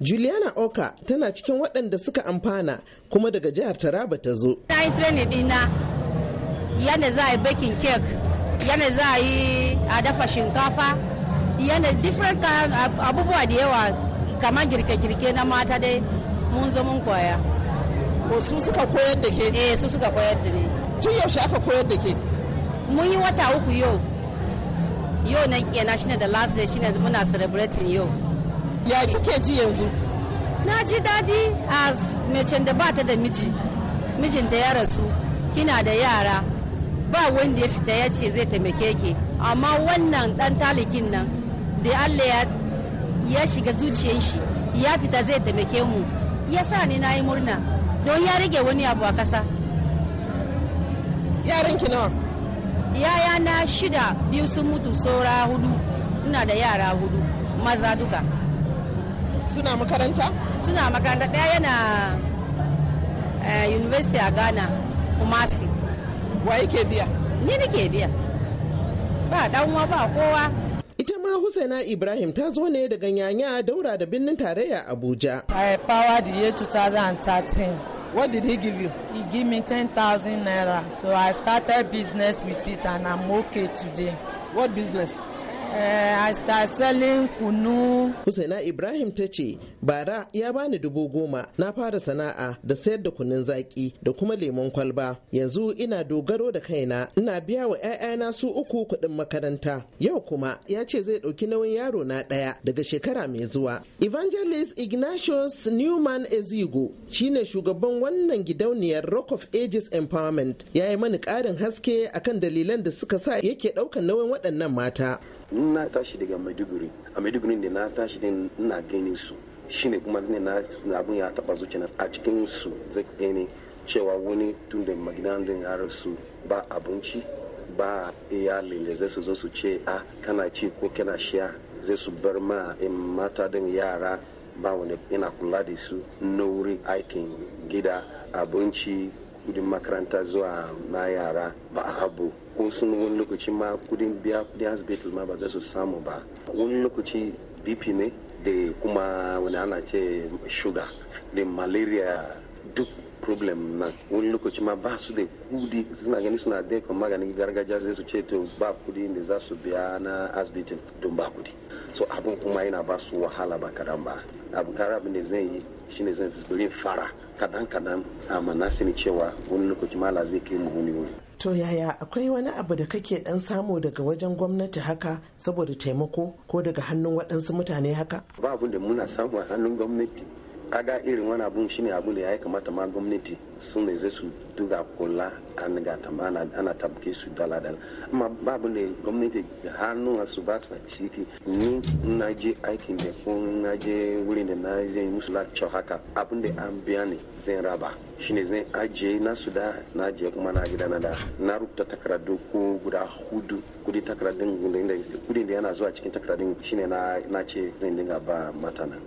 Juliana Oka tana cikin waɗanda suka amfana kuma daga jihar Taraba ta zo. Na yi training dina yana za a yi baking cake, yana za a yi a dafa shinkafa, yana different abubuwa da yawa kamar girke-girke na mata dai mun zo mun koya. Ko su suka koyar da ke? Eh su suka koyar da ni. Tun yaushe aka koyar da ke? Mun yi wata uku yau. Yau nan kenan shine da last day shine muna celebrating yau. ya kike ji yanzu na ji daɗi a macen da ba ta da miji mijinta ya rasu kina da yara ba wanda ya fita ya ce zai taimake ki amma wannan ɗan talikin nan da allah ya shiga zuciyar shi ya fita zai taimake mu ya sa ni na yi murna don ya rage wani abu a ƙasa yarinki nawa yaya na shida biyu sun mutu saura hudu ina da yara hudu maza duka Suna makaranta? Suna makaranta ɗaya yana eh, university a Ghana, Kumasi. Wa yake biya? Ni nake biya. Ba ɗanwa ba kowa. Ita ma Husaina Ibrahim ta zo ne daga Yanya daura da birnin tarayya Abuja. I powered the year 2013. What did he give you? He gave me 10,000 naira. So I started business with it and I'm okay today. What business? Eh, hasta Salim kunu. Husaina Ibrahim ta ce, bara ya bani dubu goma na fara sana'a da sayar da kunun zaki da kuma lemon kwalba. Yanzu ina dogaro da kaina, ina biya wa 'ya'yana su uku kuɗin makaranta. Yau kuma ya ce zai ɗauki nauyin yaro na ɗaya daga shekara mai zuwa. Evangelist Ignatius Newman Ezigo shine shugaban wannan gidauniyar Rock of Ages Empowerment ya yi mani ƙarin haske akan dalilan da suka sa yake ɗaukan nauyin waɗannan mata. na tashi daga maiduguri a maiduguri da na tashi din nna ganin su shi ne kuma ne na abin ya taba zuciya a cikin su zai gani cewa wani tun da magidan din ya rasu ba abinci ba iyalin da zai su zo su ce a ah, kana ci ko kana sha zai su bar ma eh, mata din yara ba wani yana kula da su na wurin aikin gida abinci kudin makaranta zuwa na yara ba a habu ko sun wani lokaci ma kudin biya kudin asibitin ma ba za su samu ba wani lokaci bp ne da kuma wani ana ce shuga da malaria duk problem nan wani lokaci ma ba su da kudi suna gani suna da kan maganin gargajiya sai su ce to ba kudi da za su biya na asibitin don ba kudi so abin kuma yana ba su wahala ba kadan ba abu kara abin da zai yi shine zan fi fara kadan kadan amma na sani cewa wani lokaci ma zai kai mu wani wuri To yaya akwai wani abu da kake dan samu daga wajen gwamnati haka saboda taimako ko daga hannun waɗansu mutane haka? Ba abin da muna samu a hannun gwamnati kaga irin wani abun shine abu ne ya kamata ma gwamnati su ne zai su duga kula an ga ana tabbake su dala dala amma babu ne gwamnati hannuwa su ba su ciki ni na je aikin da ko na je wurin da na zai musu lakcin haka abin da an biya ne zai raba shine zai ajiye na su da na je kuma na gida na da na rubuta takardu ko guda hudu kudi takardun gudun da yana zuwa cikin takardun shine na ce zan dinga ba mata nan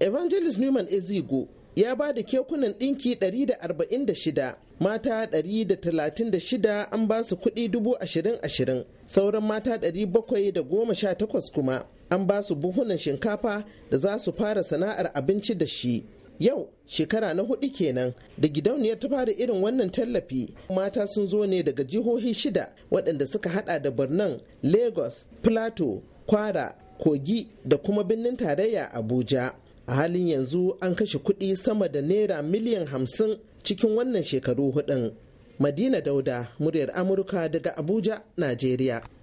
evangelist newman ezigo ya ba da kekunan ɗinki 146 mata 136 an ba su kuɗi 20,000 sauran mata 718 kuma an ba su buhunan shinkafa da za su fara sana'ar abinci da shi yau shekara na hudu kenan da gidauniyar ta fara irin wannan tallafi mata sun zo ne daga jihohi shida waɗanda suka hada da birnin lagos plateau kwara kogi da kuma birnin tarayya abuja a halin yanzu an kashe kuɗi sama da naira miliyan hamsin cikin wannan shekaru hudun madina dauda muryar amurka daga abuja najeriya